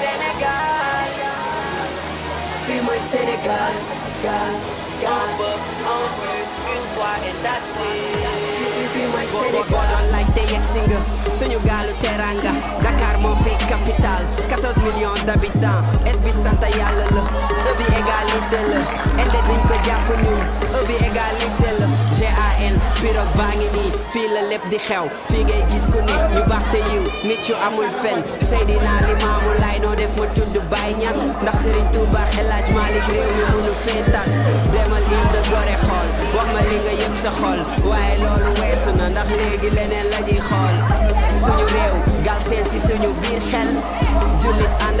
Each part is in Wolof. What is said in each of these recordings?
Senegal. fii mooy Senegal, gal gal on veut une fois et that's it fii mooy Sénégal laajte yegg si nga suñu teranga Dakar moo fi capital, 14 millions d'habitants SB Santa sant Obi la ëbi égalité la inde dañ ko jàpp ñun égalité GAL pirogue lépp di xew fii ngay gis ku nit ñu baax te yiw nit yu amul fen Seydina Limaamu Laay noo def ma tudd Baay Ñas ndax Serigne Touba El Hadj réew mi mënu fee tas demal Île de xool wax ma li nga yëg sa xol waaye loolu weesu na ndax léegi leneen la ñuy suñu réew gal seen suñu biir xel jullit ànd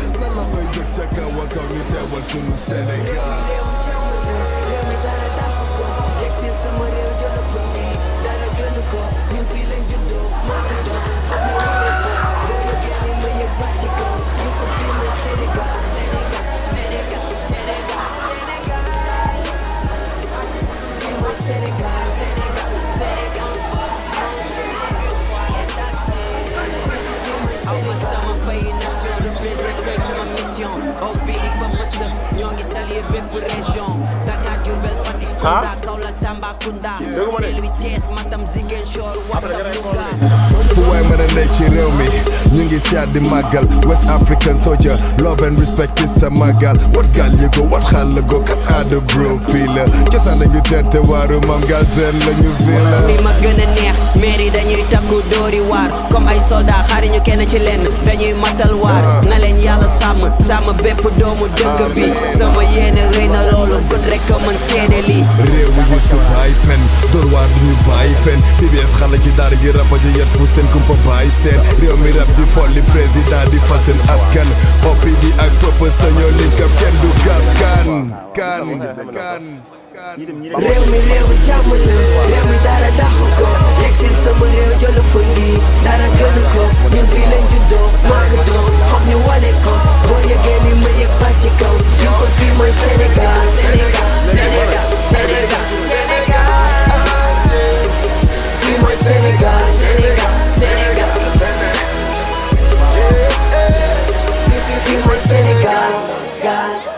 I'm nu se lega Mi dar da făcă Exil în région aw bii di fa mës ñoo ngi salir bépp région Dakar Diourbel Fatick ah? Kolda Kaolack Tambacounda Saint-Louis Thiès Matam Ziguinchor Ouassab Louga tey ci réew mi ñu ngi siyaat di màggal West African soldier love and respect is sa màggal wat yi ko wat la ko kat aada bro fii cosaan nañu terte waaru mam gaal seen la ñu ma gën a neex maire dañuy takku dóori waar comme ay soldat xaariñu kenn ci lenn dañuy matal waar ah. na leen yàlla sàmm sàmm bépp doomu dëkk bi sama yéene rëy na loolu bët rek mën seede lii réew mi ñu su bàyyi pen dóor waar duñu bàyyi fen xale ji daara ji rapa ji yet fu seen kumpa bàyyi seen réew mi rab di folli président di fal askan oppi di ak pëpp sañoo linkam kenn du gas kan kan kan réew mi réew jàmm la Senegal, Gal.